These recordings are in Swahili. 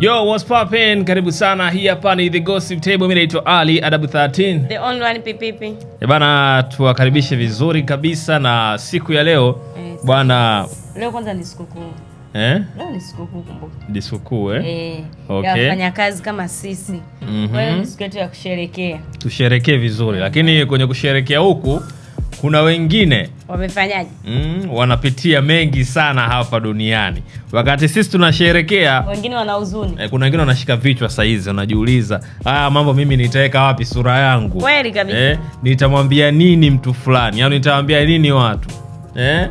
Yo, what's poppin? Karibu sana, hii hapa ni The Gossip Table. Mimi naitwa Ali Adabu 13. The only one pipipi. Eh, bana tuwakaribishe vizuri kabisa na siku ya leo eh, bwana leo kwanza ni sikukuu. Eh? Leo ni sikukuu kumbuka. Ni sikukuu eh? Eh. Okay. Ya wafanya kazi kama sisi. Mm -hmm. Kwa hiyo mhm. ni siku yetu ya kusherekea. Tusherekee vizuri, Mm -hmm. lakini kwenye kusherekea huku kuna wengine wamefanyaje? Mm, wanapitia mengi sana hapa duniani, wakati sisi tunasherekea, wengine wana huzuni eh, kuna wengine wanashika vichwa saizi, wanajiuliza haya ah, mambo, mimi nitaweka wapi sura yangu? Kweli kabisa eh, nitamwambia nini mtu fulani au nitawaambia nini watu eh?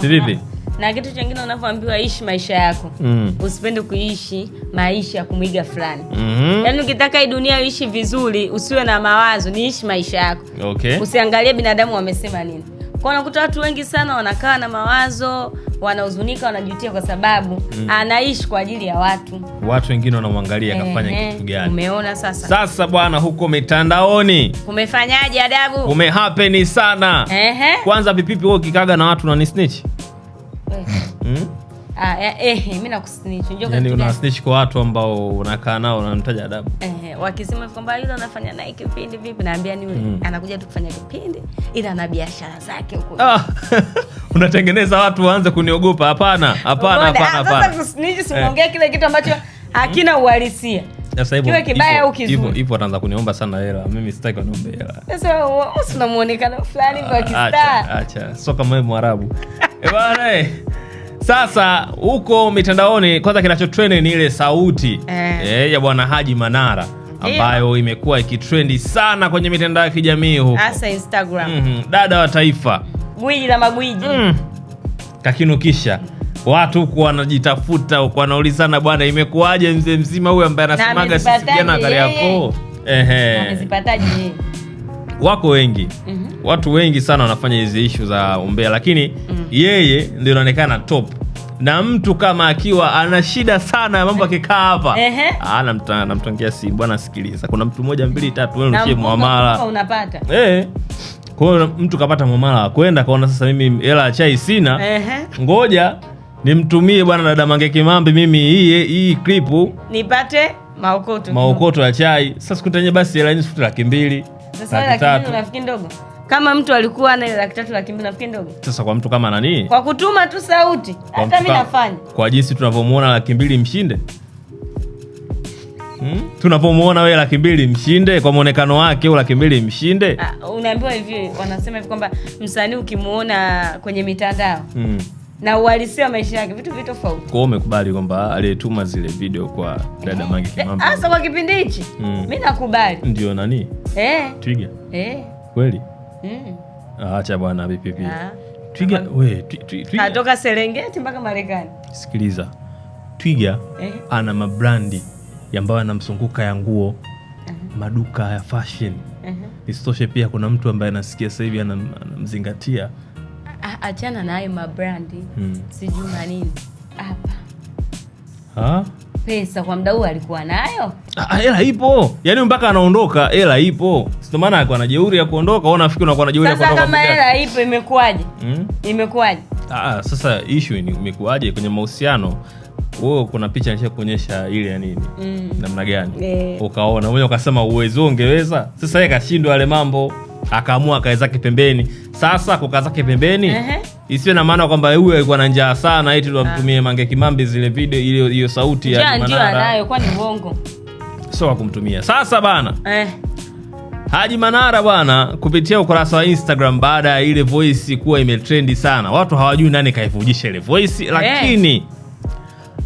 vipi na kitu chengine unavyoambiwa ishi maisha yako mm. usipende kuishi maisha ya kumwiga fulani mm -hmm. yaani ukitaka hii dunia uishi vizuri usiwe na mawazo niishi maisha yako okay. usiangalie binadamu wamesema nini kwa unakuta watu wengi sana wanakaa na mawazo wanahuzunika wanajutia kwa sababu mm. anaishi kwa ajili ya watu watu wengine wanamwangalia akafanya eh, kitu gani umeona sasa sasa bwana huko mitandaoni umefanyaje adabu umehapeni sana eh, kwanza pipipi wewe ukikaga na watu unanisnitch Eh. Ah, eh, eh, yaani kwa watu ambao unakaa nao unamtaja adabu. wakisema kwamba anafanya naye kipindi vipi, naambia ni mm. anakuja tu kufanya ila biashara zake huko. Ah, unatengeneza watu waanze kuniogopa. Hapana, hapana, hapana, ah, hapana. Sasa snitch, kile kitu ambacho mm. hakina uhalisia. Sasa hivyo kibaya au kizuri. Hivyo hivyo kuniomba sana hela. Mimi sitaki kuniomba hela. Sasa usinamuonekana oh, oh, fulani ah, kwa kistaa. Acha, acha. Sio kama Mwarabu. Ebana, eh, eh. sasa huko mitandaoni kwanza kinacho kinachotrend ni ile sauti eh, eh, ya Bwana Haji Manara ambayo imekuwa ikitrendi sana kwenye mitandao ya kijamii huko. Hasa Instagram. Mm -hmm. Dada wa taifa. Gwiji la magwiji. Mm. Kakinukisha. Watu huku wanajitafuta huku wanaulizana, bwana, imekuwaje mzee mzima huyu ambaye anasemaga sisi vijana Kariakoo? Ehe. Amezipataje? Wako wengi. Mm -hmm watu wengi sana wanafanya hizi ishu za umbea, lakini mm. yeye ndio inaonekana top na mtu kama akiwa ana shida sana ya mambo akikaa hapa namtongea, si bwana, sikiliza, kuna mtu moja mbili tatu, wewe unaishia mwamala unapata eh. Kwa hiyo mtu kapata mwamala kwenda kaona, sasa mimi hela ya chai sina, ngoja nimtumie bwana dada Mange Kimambi mimi hii hii klipu nipate maokoto maokoto ya chai. Sasa sikutenye basi hela nyingi, laki mbili laki tatu, rafiki ndogo kama mtu alikuwa ana laki tatu laki mbili nafikiri ndogo. Sasa kwa mtu kama nani, kwa kutuma tu sauti, hata mimi nafanya kwa jinsi tunavyomuona laki mbili mshinde Hmm? Tunapomwona wewe laki mbili mshinde kwa mwonekano wake au laki mbili mshinde? Ah, unaambiwa hivi, wanasema hivi kwamba msanii ukimuona kwenye mitandao hmm, na uhalisia wa maisha yake vitu vitu tofauti. Kwa umekubali kwamba aliyetuma zile video kwa dada Mange eh, Kimambi. Hasa ah, kwa kipindi hichi. Hmm. nakubali. Ndio nani? Eh. Twiga. Eh. Kweli? Eh. Ah, acha bwana vipi? Ah. Twiga we, Twiga atoka Serengeti mpaka Marekani. Sikiliza. Twiga eh, ana mabrandi ambayo anamzunguka ya nguo uh eh. -huh. Maduka ya fashion uh eh. -huh. Isitoshe pia kuna mtu ambaye anasikia sasa hivi anamzingatia. Ah, achana na hayo mabrandi hmm. Sijuma nini hapa ha? pesa kwa mda huu alikuwa nayo ah, ah, hela ipo, yani mpaka anaondoka hela ipo. Ndio maana alikuwa na jeuri ya kuondoka. Wewe unakuwa na jeuri ya kuondoka? kama hela ipo imekuaje? hmm? imekuaje? Ah, ah, sasa issue ni imekuaje kwenye mahusiano wewe kuna picha nisha kuonyesha ile ya nini mm. namna gani yeah. Ukaona mwenyewe ukasema uwezo ungeweza. Sasa yeye kashindwa yale mambo, akaamua akaezake pembeni. Sasa kukaa zake pembeni uh -huh isiwe na maana kwamba huyu alikuwa na njaa sana eti tuwamtumie ah. Mange Kimambi zile video ile hiyo sauti ya ndio anayo, kwani bongo. sio wa kumtumia. Sasa bana eh. Haji Manara bwana, kupitia ukurasa wa Instagram baada ya ile voice kuwa imetrendi sana, watu hawajui nani kaivujisha ile voice, eh. lakini eh,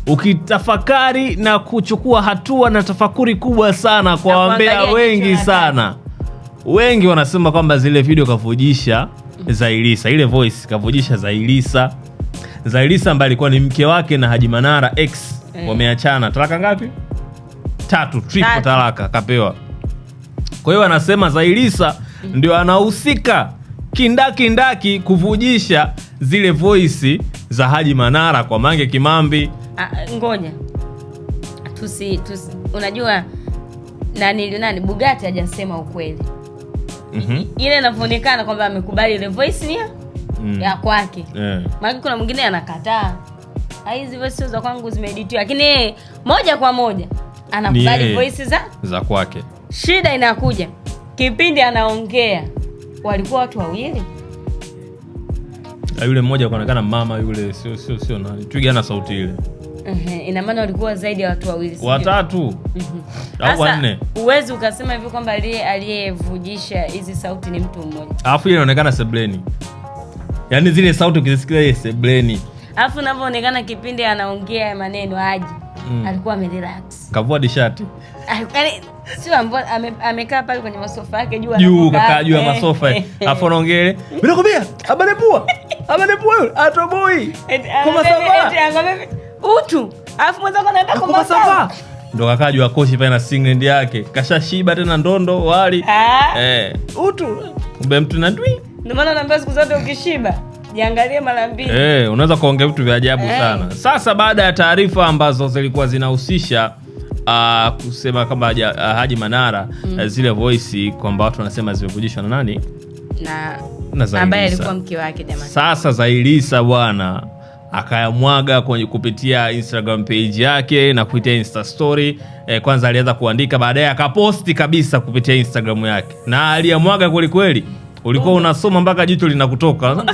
ukitafakari na kuchukua hatua na tafakuri kubwa sana kwa wambea wengi sana, wengi wanasema kwamba zile video kavujisha Mm-hmm. Zailisa, ile voice kavujisha Zailisa. Zailisa ambaye alikuwa ni mke wake na Haji Manara ex mm. Wameachana talaka ngapi? Tatu, triple talaka kapewa. Kwa hiyo anasema Zailisa mm. ndio anahusika kindaki kuvujisha zile voice za Haji Manara kwa Mange Kimambi. A, ngoja tusi, tusi, unajua nani nani Bugatti hajasema ukweli mm -hmm. ile inavyoonekana kwamba amekubali ile voice nia mm. ya kwake yeah. Maana kuna mwingine anakataa ah, hizi voice za kwangu zimeeditiwa, lakini moja kwa moja anakubali voice za za kwake. Shida inakuja kipindi anaongea, walikuwa watu wawili ah, yule mmoja kuonekana mama yule, sio sio sio nani, twiga na sauti ile inamana maana walikuwa zaidi ya watu wawili, watatu mhm. au wanne. Huwezi ukasema hivyo kwamba aliyevujisha hizi sauti ni mtu mmoja, alafu inaonekana sebleni, yaani zile sauti ukizisikia ile sebleni, alafu inavyoonekana kipindi anaongea maneno aji mm. alikuwa amerelax, kavua dishati sio amekaa pale kwenye masofa yake juu juu ya masofa afu atoboi utu, alafu mwenzako anaenda Komasawa ndo kakajua koshi pale na singlendi yake kashashiba tena ndondo wali ah. eh. utu kumbe mtu nadwi. Ndio maana naambia siku zote ukishiba jiangalie mara mbili eh, unaweza kuongea vitu vya ajabu eh, sana. Sasa baada ya taarifa ambazo zilikuwa zinahusisha Uh, kusema kwamba uh, Haji Manara mm. uh, zile voice kwamba watu wanasema zimevujishwa na nani na na Zailisa. Sasa Zailisa bwana akayamwaga kupitia Instagram page yake na kupitia Insta story. E, kwanza alianza kuandika, baadaye akaposti kabisa kupitia Instagram yake, na aliyamwaga kwelikweli. Ulikuwa unasoma mpaka jicho linakutoka.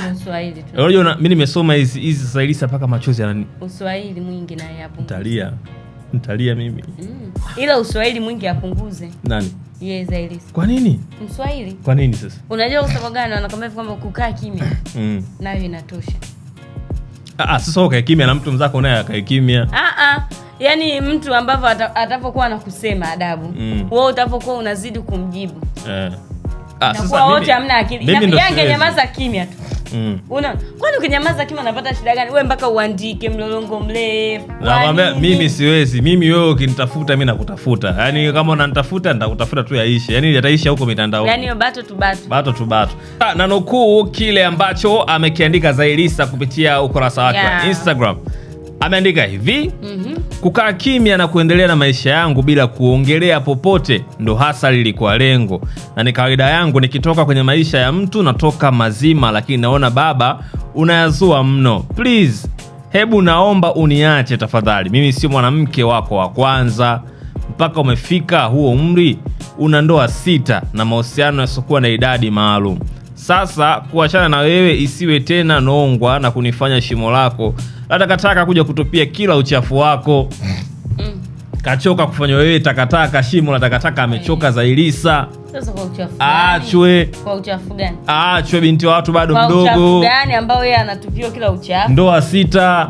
Unajua mimi nimesoma hizi hizi sailisa mpaka machozi yanani. Uswahili mwingi na yapo. Nitalia. Nitalia mimi. Mm. Ila uswahili mwingi apunguze. Nani? Yeye Zailisa. Kwa nini? Mswahili. Kwa nini sasa? Unajua kwa sababu gani wanakwambia kwamba kukaa kimya. Mm. Nayo inatosha. Ah, ah, sasa ukae na mtu mzako naye akaekimia Ah ah. Yaani mtu ambavyo na anakusema adabu, mm. wo utapokuwa unazidi kumjibu. yeah. Ah, sasa wote hamna akili. Yangenyamaza kimya tu mm. Una kwani ukinyamaza kima unapata shida gani? Wewe mpaka uandike mlolongo mrefu. Nakwambia mimi siwezi. Mimi wewe ukinitafuta mimi nakutafuta. Yaani kama unanitafuta nitakutafuta tu yaishi Yaani yataisha huko mitandao Yaani bato tu bato. Bato tu Na nukuu kile ambacho amekiandika Zailisa kupitia ukurasa wake wa yeah. Instagram ameandika hivi mm -hmm. Kukaa kimya na kuendelea na maisha yangu bila kuongelea popote ndo hasa lilikuwa lengo, na ni kawaida yangu nikitoka kwenye maisha ya mtu natoka mazima, lakini naona baba unayazua mno. Please, hebu naomba uniache tafadhali, mimi sio mwanamke wako wa kwanza. Mpaka umefika huo umri, una ndoa sita na mahusiano yasiokuwa na idadi maalum. Sasa kuachana na wewe isiwe tena nongwa na kunifanya shimo lako la takataka kuja kutupia kila uchafu wako. Mm. Kachoka kufanya wewe takataka, shimo la takataka amechoka Zailisa. Sasa achwe Kwa uchafu gani? Aachwe, binti wa watu bado mdogo. Kwa uchafu gani ambao yeye anatupiwa kila uchafu? Ndoa sita.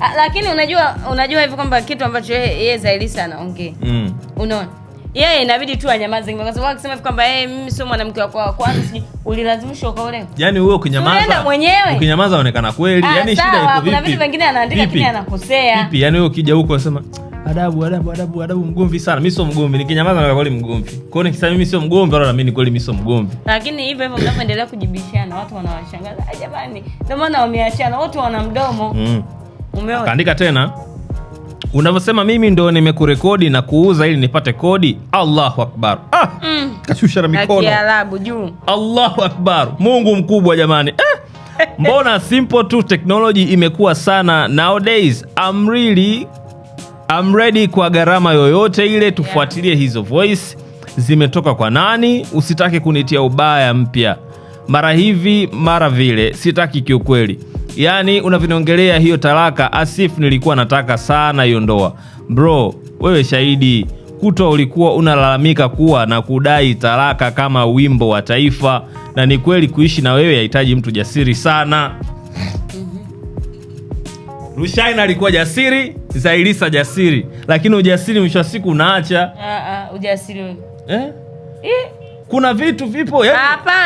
A, ah, lakini unajua unajua hivi kwamba kitu ambacho yeye Zailisa anaongea. Mm. Unaona? yeye inabidi tu anyamaze kwa sababu akisema kwamba yeye eh, mimi sio mwanamke wako wa kwanza, sijui ulilazimishwa ukaolewa. Yaani wewe ukinyamaza, mwenyewe, ukinyamaza unaonekana kweli. Ah, yaani shida iko vipi? Kuna vitu vingine anaandika lakini anakosea vipi? Yaani wewe ukija huko unasema adabu, adabu, adabu, adabu, mgomvi sana. Mimi sio mgomvi, nikinyamaza na kweli mgomvi. Kwa hiyo nikisema mimi sio mgomvi, wala na ni kweli mimi sio mgomvi. Lakini hivyo hivyo mnapoendelea kujibishana, watu wanawashangaza. Ah, jamani, ndio maana wameachana, wote wana mdomo. Mm. Umeona? Kaandika tena unavyosema mimi ndo nimekurekodi na kuuza ili nipate kodi. Allahu akbar ah, mm. kashusha na mikono Kiarabu juu. Allahu akbar, Mungu mkubwa jamani eh? Mbona simple tu teknoloji imekuwa sana nowadays. I'm really I'm ready kwa gharama yoyote ile. Tufuatilie yeah. hizo voice zimetoka kwa nani? Usitake kunitia ubaya mpya mara hivi mara vile, sitaki kiukweli. Yaani unavyoniongelea hiyo talaka, Asif nilikuwa nataka sana hiyo ndoa. Bro, wewe shahidi kutwa ulikuwa unalalamika kuwa na kudai talaka kama wimbo wa taifa, na ni kweli kuishi na wewe yahitaji mtu jasiri sana. Rushaina alikuwa jasiri, Zailisa jasiri, lakini ujasiri mwisho wa siku unaacha. Uh, uh, ujasiri eh? eh? kuna vitu vipo yani,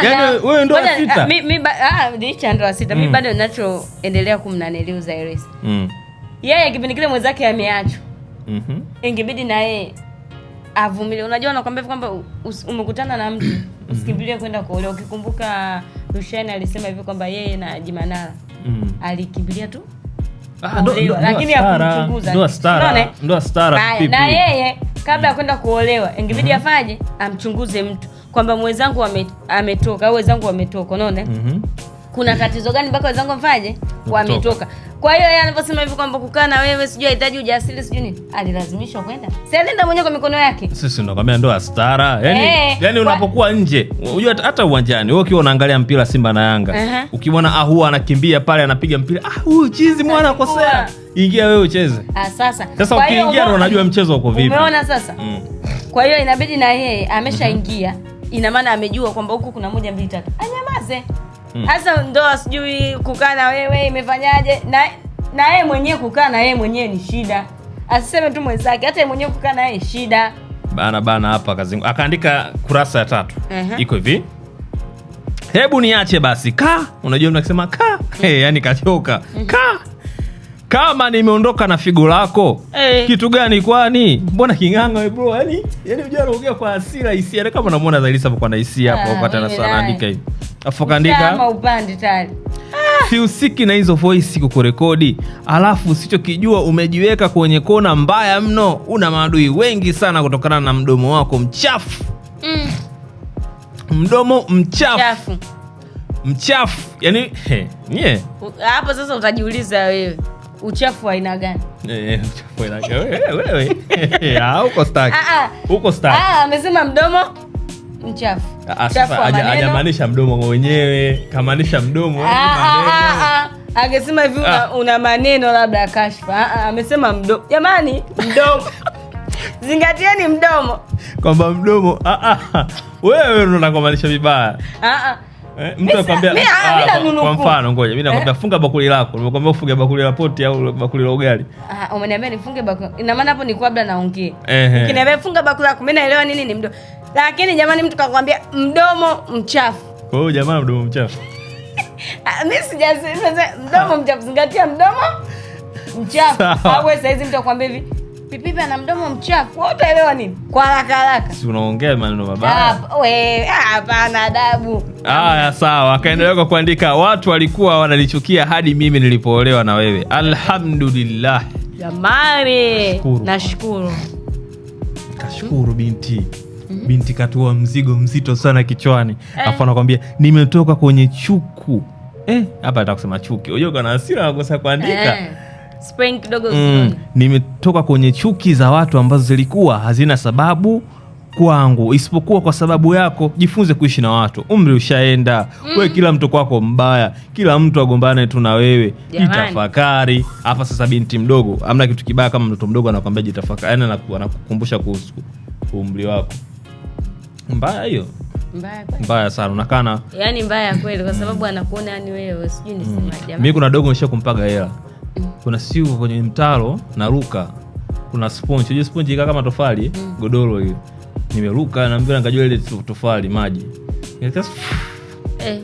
yaani wewe ndo sita. Mimi ah Mimi mm. bado ninachoendelea kumnaneliu Zairis. Mm. Yeye kipindi kile mwenzake ameachwa. Mhm. Ingebidi na yeye avumilie. Unajua nakwambia kwamba umekutana na mtu usikimbilie kwenda kuolewa. Ukikumbuka Rushani alisema hivi kwamba yeye na Jimanara mm. alikimbilia tu ah, lakini stara. stara. Na yeye kabla ya kwenda kuolewa ingebidi mhm. afaje amchunguze mtu kwamba mwenzangu ametoka au wenzangu wametoka, unaona mm -hmm. kuna tatizo gani mpaka wenzangu wamfanye wametoka. Kwa hiyo yeye anaposema hivi kwamba kukaa na wewe sijui hahitaji ujasiri sijui nini, alilazimishwa kwenda, si alienda mwenyewe kwa mikono yake. Sisi nakwambia ndo astara yani hey, eh, yani unapokuwa nje, unajua hata uwanjani we ukiwa unaangalia mpira Simba na Yanga uh -huh. ukimwona ahua anakimbia pale anapiga mpira ah, huyu chizi mwana kosea, ingia wewe ucheze. Ah, sasa sasa ukiingia ndo unajua mchezo uko vipi. Umeona sasa mm. kwa hiyo inabidi na yeye mhm. ameshaingia mm-hmm ina maana amejua kwamba huku kuna moja mbili tatu, anyamaze hmm. hasa. Hmm. Ndoa sijui kukaa na wewe imefanyaje, na na yeye mwenyewe kukaa na yeye mwenyewe ni shida, asiseme tu mwenzake, hata yeye mwenyewe kukaa na yeye shida bana bana. Hapa kazingu akaandika kurasa ya tatu. uh -huh. Iko hivi hebu niache basi, ka unajua mnakisema ka, hey, hmm. yani kachoka hmm. ka kama nimeondoka na figo lako hey. Eh. Kitu gani kwani? Mbona king'ang'a we eh, bro, yani yani unajua anaongea kwa hasira hisia, na kama unamwona Zaiylisa hapo kwa na hisia hapo kwa tena sana andika hivi afu kaandika kama upande tayari ah. sihusiki na hizo voice kukurekodi, alafu usichokijua umejiweka kwenye kona mbaya mno. Una maadui wengi sana kutokana na mdomo wako mchafu mm. Mdomo mchafu mchafu, mchafu. Yani hapo Sasa utajiuliza wewe uchafu wa aina gani? Ah, ah. Ah, amesema mdomo mchafu. hajamaanisha mdomo wenyewe, kamaanisha mdomo angesema hivi una, una maneno labda ya kashfa. Amesema mdomo. Jamani, mdomo zingatieni mdomo, kwamba mdomo wewe unataka kumaanisha vibaya. Eh, mtu anakuambia ah, kwa mfano, ngoja mimi nakwambia eh? funga bakuli lako, nimekwambia ufunge bakuli la poti au bakuli la ugali. Ah, umeniambia nifunge bakuli, ina maana hapo nilikuwa labda naongea. Ukiniambia funga bakuli lako, mimi naelewa nini ni mdomo, lakini jamani, mtu kakwambia mdomo mchafu. Kwa hiyo jamani, mdomo mchafu ah, mimi sijasema mdomo mchafu, zingatia mdomo mchafu. Hawezi saizi mtu akwambia hivi Pipipi ana mdomo mchafu, utaelewa nini kwa haraka haraka? Si unaongea maneno mabaya. Ah, hapana adabu. Haya, sawa. Akaendelea kwa kuandika, watu walikuwa wananichukia hadi mimi nilipoolewa na wewe. Alhamdulillah jamani, nashukuru. Kashukuru binti mhm. binti katua mzigo mzito sana kichwani, eh. afu anakwambia nimetoka kwenye chuku eh, hapa eh, atakusema chuki. Unajua kana hasira anakosa kuandika eh. Spring kidogo mm, nimetoka kwenye chuki za watu ambazo zilikuwa hazina sababu kwangu isipokuwa kwa sababu yako. Jifunze kuishi na watu, umri ushaenda. Mm. We kila mtu kwako mbaya, kila mtu agombane tu na wewe. Jitafakari hapa sasa, binti mdogo, amna kitu kibaya kama mtoto mdogo anakwambia jitafakari, yani anakukumbusha kuhusu umri wako. Mbaya hiyo mbaya, mbaya sana unakana, yani mbaya kweli, kwa sababu anakuona yani wewe sijui nisemaje. Mm. Mimi kuna dogo nisha kumpaga hela kuna silver kwenye mtaro na ruka kuna sponge. Hiyo sponge ikaa kama tofali mm. godoro hiyo, nimeruka na mbona nikajua ile tofali maji eh,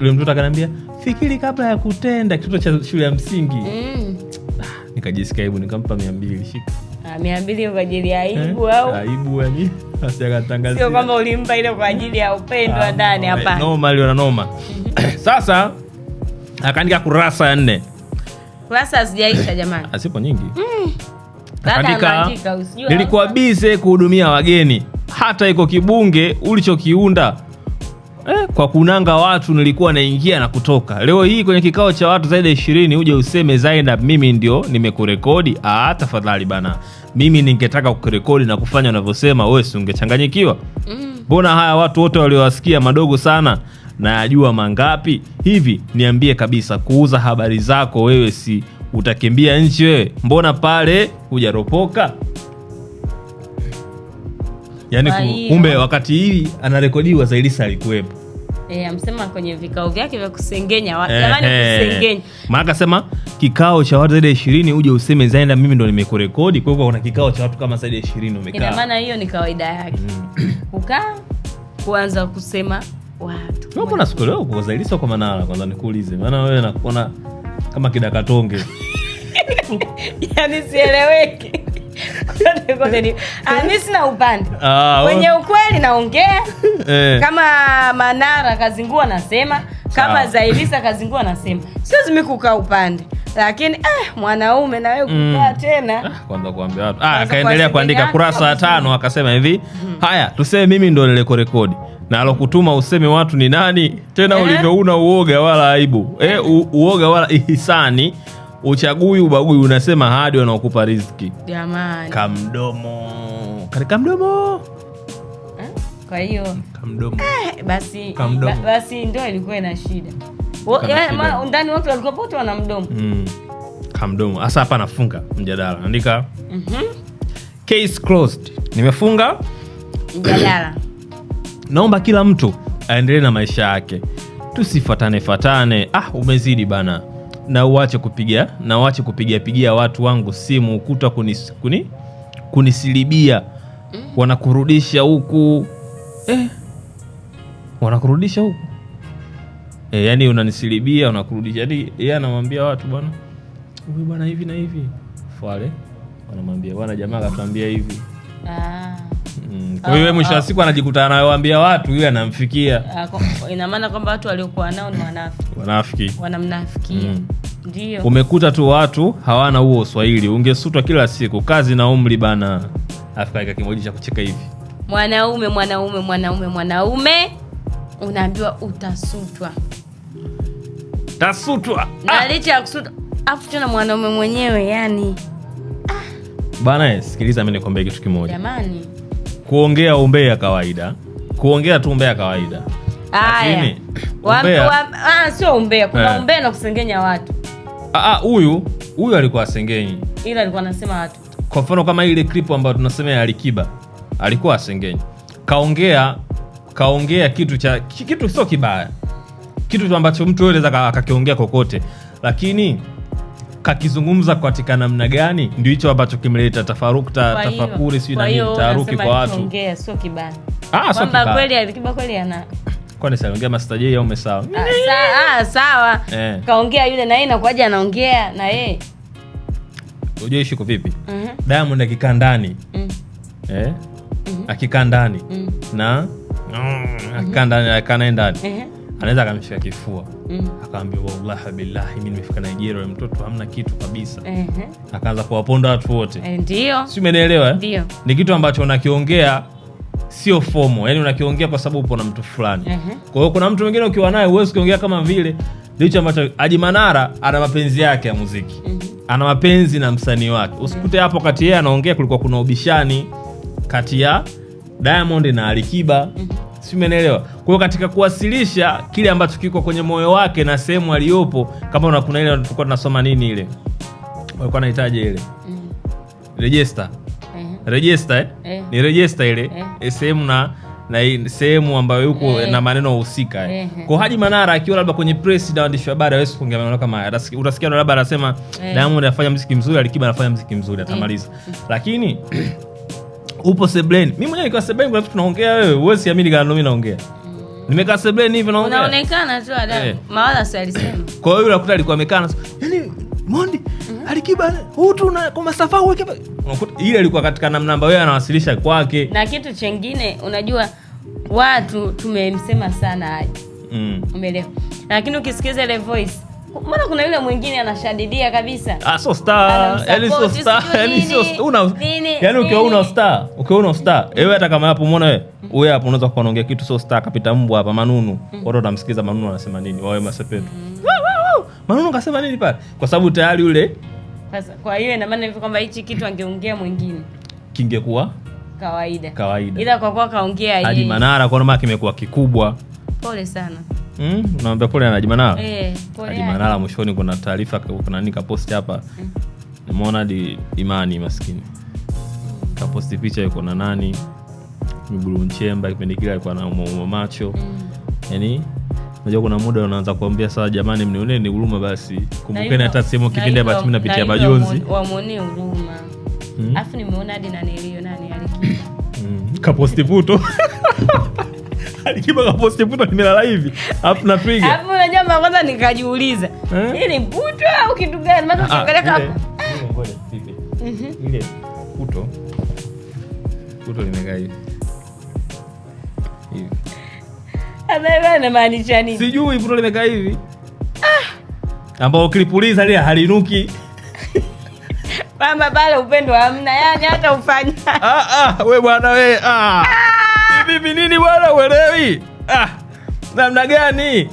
yule mtoto akaniambia fikiri kabla ya kutenda, kitoto cha shule ya msingi mm. Ah, nikajisikia aibu, nikampa mia mbili shika ah, mia mbili kwa ajili ya aibu eh, au aibu yani asijakatangazia, sio kwamba ulimpa ile kwa ajili ya upendo wa ah, ndani hapa, noma ile na noma. Mm-hmm. Sasa akaandika kurasa ya nne. Klasa hazijaisha jamani, asipo nyingi mm. nilikuwa bize kuhudumia wageni, hata iko kibunge ulichokiunda eh, kwa kunanga watu nilikuwa naingia na kutoka. Leo hii kwenye kikao cha watu zaidi ya ishirini uje useme Zainab, mimi ndio nimekurekodi. Ah, tafadhali bana, mimi ningetaka kukurekodi na kufanya unavyosema wewe, si ungechanganyikiwa? Mm. Mbona mm. haya watu wote waliowasikia madogo sana yajua mangapi? Hivi niambie kabisa, kuuza habari zako wewe, si utakimbia nchi wewe? Mbona pale hujaropoka? yani kumbe wakati hii anarekodiwa Zailisa alikuwepo. E, eh, amsema kwenye vikao vyake vya kusengenya kusengenya. Maana kikao cha watu zaidi ya ishirini uje useme zaenda mimi ndo nimekurekodi, kwa hiyo kuna kikao cha watu kama zaidi ya ishirini umekaa. maana hiyo ni kawaida yake mm. kukaa kuanza kusema watu. Mbona zaidi sio kwa Manara? Kwanza nikuulize, maana wewe nakuona kama kidakatonge yaani sieleweki. Ah, sina upande kwenye ah, ukweli naongea eh. Kama Manara kazingua nasema, kama Zailisa kazingua nasema, siwezi mimi kukaa upande lakini eh, mwanaume nawe wewe kukaa mm. tena ah, kwanza kuambia watu ah, akaendelea kuandika kurasa ya tano akasema hivi mm. Haya, tuseme mimi ndo nilekorekodi na alokutuma useme watu ni nani tena eh? Ulivyouna uoga wala aibu eh, u, uoga wala ihisani, uchagui ubagui, unasema hadi wanaokupa riziki jamani. Kamdomo katika mdomo eh? Kwa hiyo kamdomo eh, basi, kamdomo. Ba, basi ndio ilikuwa ina shida ndani watu walikuwa wote wana mdomo mm. Kamdomo hasa hapa. Nafunga mjadala, andika mm -hmm. Case closed, nimefunga mjadala Naomba kila mtu aendelee na maisha yake, tusifatane fatane. Ah, umezidi bana, na uache kupiga na uache kupiga pigia watu wangu simu, ukuta kunis, kuni, kunisilibia mm. Wanakurudisha huku eh, wanakurudisha huku eh, yani unanisilibia, unakurudisha yani yeye anamwambia watu bwana, huyu bwana hivi na hivi, fale, wanamwambia bwana, jamaa katuambia hivi ah. Mm, kwa ah, hiyo mwisho wa ah. siku anajikuta anawaambia watu yule anamfikia. Ah, ina maana kwamba watu waliokuwa nao ni wanafiki. Wanafiki. Wanamnafikia. Mm. Ndio. Umekuta tu watu hawana huo uswahili. Ungesutwa kila siku kazi na umri bana. Afu kaika kimoja cha kucheka hivi. Mwanaume, mwanaume, mwanaume, mwanaume unaambiwa utasutwa. Tasutwa. Na licha ya kusutwa, afu tena mwanaume mwenyewe yani. Ah. Bana, sikiliza mimi nikwambie kitu kimoja. Jamani kuongea umbea kawaida, kuongea tu umbea kawaida. Lakini ah, sio umbea, kuna eh. umbea na kusengenya watu. Ah, ah, huyu huyu alikuwa asengenyi, ila alikuwa anasema watu. Kwa mfano kama ile klipu ambayo tunasemea Alikiba, alikuwa asengenyi, kaongea kaongea kitu cha kitu sio kibaya, kitu ambacho mtu anaweza akakiongea kokote, lakini kakizungumza katika namna gani? Ndio hicho ambacho kimeleta tafaruku, tafakuri, si na nini, taharuki kwa watu. Ongea sio ah, sio kwani sasa Master au umesawa? Ah, ah, sawa eh. Kaongea yule na yeye nakuaje, anaongea na yeye unajua ishi vipi? Mhm. Diamond akikaa ndani mm. eh mm -hmm. akikaa ndani mm. na mm, akikaa ndani akakaa naye ndani mhm. anaweza akamshika kifua mm. Akaambia wallahi billahi, mi nimefika Nigeria, ule mtoto hamna kitu kabisa. uh -huh. Akaanza kuwaponda watu wote, eh, ndio si umenielewa eh? Ni kitu ambacho unakiongea sio fomo, yani unakiongea kwa sababu upo na mtu fulani. uh -huh. Kwa hiyo kuna mtu mwingine ukiwa naye huwezi kuongea kama vile ndicho ambacho Haji Manara ana mapenzi yake ya muziki. uh mhm. -huh. Ana mapenzi na msanii wake, usikute hapo kati yeye anaongea kulikuwa kuna ubishani kati ya Diamond na Alikiba. uh mhm. -huh. Simenelewa. Kwa hiyo katika kuwasilisha kile ambacho kiko kwenye moyo wake na sehemu aliyopo, kama una kuna ile tulikuwa tunasoma nini ile walikuwa anahitaji ile mm -hmm. register mm register eh? eh. ni register ile eh. eh sehemu na na sehemu ambayo yuko eh. na maneno husika eh. eh. eh. kwa Haji Manara akiwa labda kwenye press na waandishi wa habari hawezi kuongea maneno kama haya, utasikia labda anasema eh. Diamond anafanya muziki mzuri, Alikiba anafanya muziki mzuri atamaliza eh. lakini upo sebleni. Mimi mwenyewe nikiwa sebleni, kuna vitu tunaongea, wewe huwezi amini kana mimi naongea. Nimekaa sebleni hivi naongea. Unaonekana tu ada. Eh. Mawala si alisema. Kwa hiyo yule akuta alikuwa amekaa yaani Mondi mm-hmm. Alikiba huu tu na kwa masafa uweke ile alikuwa katika namna ambayo yeye anawasilisha kwake. Na kitu chengine unajua watu tumemsema sana aje Mm. Umeelewa? Lakini ukisikiza ile voice Mbona kuna yule mwingine anashadidia kabisa? Ah, so star. Yaani so star. Yaani so una yaani ukiwa una star, ukiwa una star. Ewe hata kama hapo umeona wewe, wewe hapo unaweza kuwa unaongea kitu so star kapita mbwa hapa manunu. Mm. Watu watamsikiza manunu anasema nini? Wawe masepetu. Mm. Manunu kasema nini pale? Kwa sababu tayari yule sasa kwa hiyo ina maana hivi kwamba hichi kitu angeongea mwingine kingekuwa kawaida. Kawaida. Ila kwa kuwa kaongea yeye. Hadi Manara kwa maana kimekuwa kikubwa. Pole sana. Mm, unaambia kule na Adimanala. Eh, kule. Adimanala mwishoni kuna taarifa kuna nini kaposti hapa. Mm. Nimeona hadi Imani maskini. Kaposti picha yuko na nani? Miguru Nchemba kipindi kile alikuwa na umauma macho. Mm. Yaani unajua kuna muda unaanza kuambia sawa, jamani mnione ni huruma basi. Kumbukeni hata sehemu kipindi hapa timu inapitia majonzi. Wamuone huruma. Mm. Afu nimeona hadi nani nilio nani alikipa. Mm. Kaposti puto. Alikiba kaposti puto nimelala hivi alafu napiga alafu unajua mara kwanza nikajiuliza eh? hii ni puto au kitu gani maana ah, ah, ukiangalia kama ile mhm. puto puto limekaa hivi hivi anamaanisha nini sijui puto limekaa hivi ah! ambao ukilipuliza lile halinuki mama pale upendo hamna yani hata ufanya ah, ah, we bwana we ah. Ah mimi nini bwana, uelewi ah, namna gani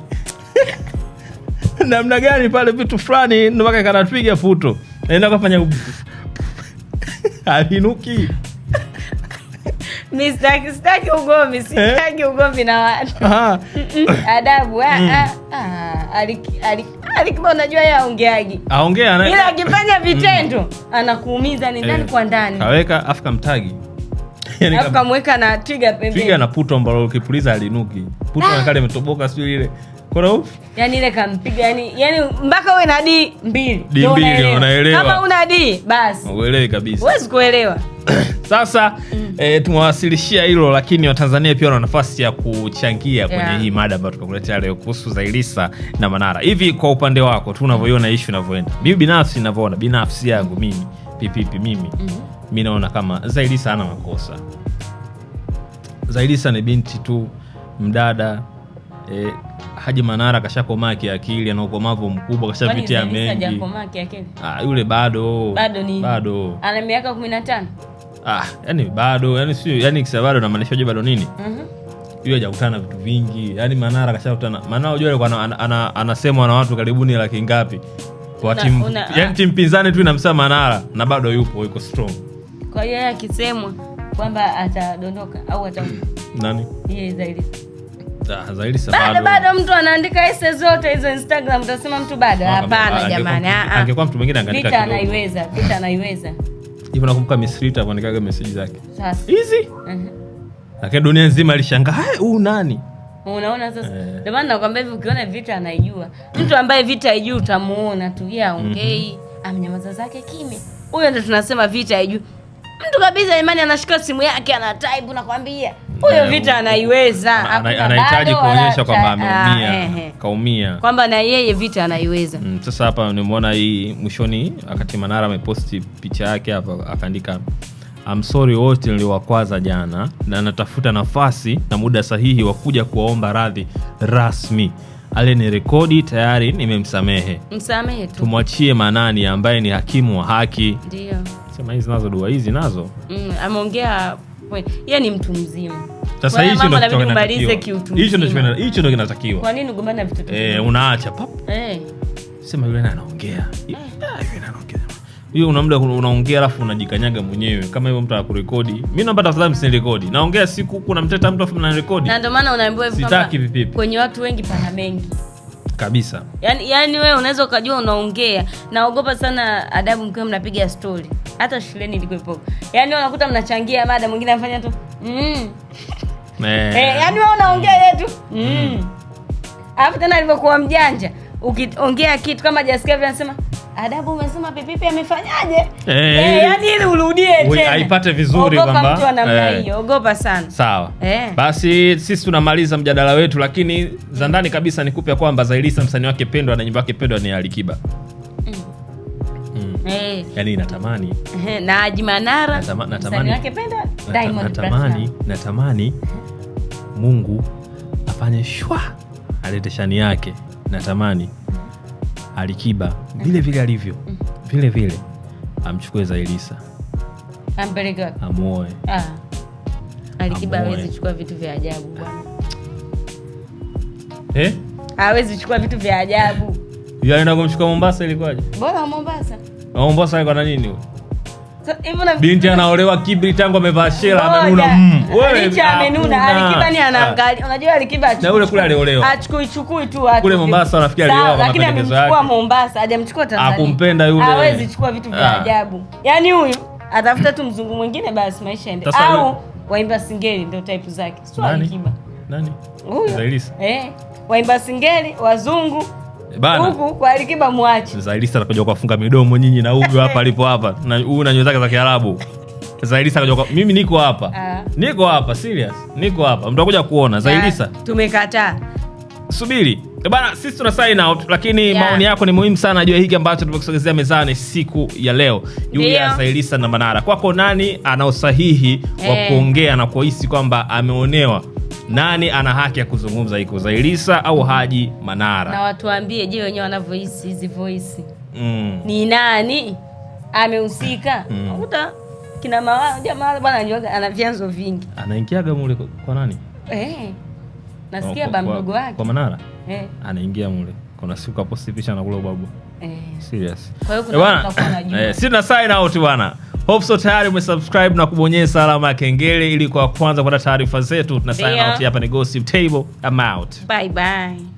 namna gani pale vitu fulani ndo mpaka kanatwiga puto naenda kafanya alinuki Sitaki ugomvi, eh? sitaki ugomvi na watu ah. adabu. Ah, mm. ah, Alikiba, unajua yeye aongeaji, aongea ila akifanya vitendo mm. anakuumiza ni ndani eh. kwa ndani, aweka afu kamtagi Yaani alafu kamweka na twiga pembeni, twiga na puto ambalo ukipuliza alinuki puto ah! nakale imetoboka ile yaani ile kampiga yani, yani mpaka uwe na mbili mbili, unaelewa. Kama una basi uelewi kabisa, huwezi kuelewa. Sasa mm. E, eh, tumewasilishia hilo, lakini Watanzania pia wana nafasi ya kuchangia kwenye yeah. hii mada ambayo tumekuletea leo kuhusu Zailisa na Manara. Hivi kwa upande wako tu unavyoiona ishu inavyoenda, mimi binafsi navyoona, binafsi yangu mimi pipipi mimi mm -hmm mi naona kama Zailisa ana makosa. Zailisa ni binti tu mdada e, Haji Manara kashakomaa kiakili, ana ukomavu mkubwa, kashapitia mengi. Ah, yule bado bado ni bado ana miaka 15. Ah, yani bado yani sio yani kisa bado namaanishaje bado nini? Mhm. Mm yule hajakutana vitu vingi. Yani Manara kashakutana. Manara unajua alikuwa ana, ana, anasemwa na watu karibuni laki ngapi? Kwa timu yani ah. timu pinzani tu inamsema Manara na bado yupo yuko strong. Kwa hiyo akisemwa kwamba atadondoka au atabado mm. ah, mtu anaandika ese zote hizo Instagram, utasema mtu bado. Hapana jamani, ah, ah. angekuwa mtu mwingine angeandika, anaiweza Vita anaiweza hivyo. Nakumbuka Misrita anaandikaga meseji zake hizi, uh-huh. lakini dunia nzima ilishangaa huu nani. Unaona sasa, eh. ndio maana nakwambia hivi, ukiona Vita anaijua mtu ambaye Vita haijui utamuona tu, yeye aongei mm-hmm. amnyamaza zake kimya, huyo ndio tunasema Vita haijui mtu kabisa imani anashika simu yake ana type, nakwambia mm. huyo vita anaiweza, anahitaji kuonyesha kwamba ameumia, ah, kaumia kwamba na yeye vita anaiweza. Mm, sasa hapa nimeona hii mwishoni, wakati Manara ameposti picha yake hapa, akaandika I'm sorry wote niliwakwaza jana, na natafuta nafasi na muda sahihi wa kuja kuwaomba radhi rasmi. ale ni rekodi tayari, nimemsamehe. Msamehe tu, tumwachie Manani ambaye ni hakimu wa haki. Ndio. Sema hizi nazo dua hizi nazo mm, ameongea yeye ni mtu mzima. Sasa hicho ndio kinatakiwa. Hicho ndio hicho ndio kinatakiwa. Kwa nini ugombana na vitoto? Eh, unaacha pap. Eh. Sema yule anaongea. Yule anaongea. Hiyo una muda unaongea alafu unajikanyaga mwenyewe. Kama hivyo mtu anakurekodi. Mimi naomba tafadhali msinirekodi. Naongea siku kuna mteta mtu afu mnarekodi Na ndio maana unaambiwa hivyo kama sitaki vipi. Kwenye watu wengi pana mengi kabisa. yani, yani wewe unaweza ukajua unaongea. Naogopa sana adabu mkiwa mnapiga stori, hata shuleni ilikuwepo. yani unakuta mnachangia mada, mwingine amfanya tu mm. Eh. eh, yani wewe unaongea yetu mm. mm. Alafu tena alivyokuwa mjanja, ukiongea kitu kama hajasikia vile anasema adabu umesema Pipipi amefanyaje? Eh, eh yani ili urudie tena. Aipate vizuri kwamba mtu ana namna eh. hiyo, ogopa sana. Sawa. Eh. Basi sisi tunamaliza mjadala wetu, lakini za ndani kabisa nikupe kwamba Zailisa msanii wake pendwa na nyimbo yake pendwa ni Alikiba. Hey. Mm. mm. Eh. Yaani natamani. na Haji Manara. Natama, natamani. Msanii wake pendwa Diamond Natamani, natamani Mungu afanye shwa alete shani yake. Natamani Alikiba vile vile alivyo mm. vile vile, amchukue Zailisa ampeleke Amuoe. Ah. Alikiba hawezi chukua vitu vya ajabu bwana eh? hawezi chukua vitu vya ajabu. kumchukua yaani Mombasa, ilikuwaje? Bora Mombasa. Mombasa kwa nini? Binti anaolewa kibri tangu amevaa shela amenuna. Wewe licha amenuna, ah, Alikiba ni ah. Unajua Alikiba achukui. Na yule kule aliolewa. Achukui tu watu. Kule Mombasa rafiki aliolewa kama pendekezo yake. Lakini amemchukua Mombasa, hajamchukua Tanzania. akumpenda yule. Hawezi chukua vitu vya ah. ajabu. Yaani huyu atafuta tu mzungu mwingine basi maisha yaende. Au waimba singeli ndio type zake. Sio Alikiba. Nani? Huyu. Eh, waimba singeli, wazungu Alikiba mwache. Zailisa anakuja kufunga midomo nyinyi na huyu hapa alipo hapa. Na huyu na nywele zake za Kiarabu. Zailisa anakuja kwa mimi niko hapa. Ah. Niko hapa serious. Niko hapa. Mtakuja kuona ah, Zailisa. Tumekataa. Subiri. Bana, sisi tuna sign out lakini yeah, maoni yako ni muhimu sana juu ya hiki ambacho tumekusogezea mezani siku ya leo juu ya Zailisa na Manara. Kwako nani ana usahihi hey, wa eh. kuongea na kuhisi kwamba ameonewa nani ana haki ya kuzungumza iko Zailisa au Haji Manara? Na watu waambie, je, wenyewe wanavoisi hizi voisi mm. ni nani amehusika? mm. kina mawa jamaa bwana ana vyanzo vingi, anaingiaga mule kwa, nani eh, nasikia ba mdogo wake kwa Manara eh, anaingia mule kuna siku kaposti picha na kula babu eh, serious. Kwa hiyo kuna e, kuna, eh, sina sign out bwana Hope so tayari umesubscribe na kubonyeza alama ya kengele ili kwa kwanza kupata taarifa zetu. Tuna sign out hapa ni Gossip Table. I'm out. Bye bye.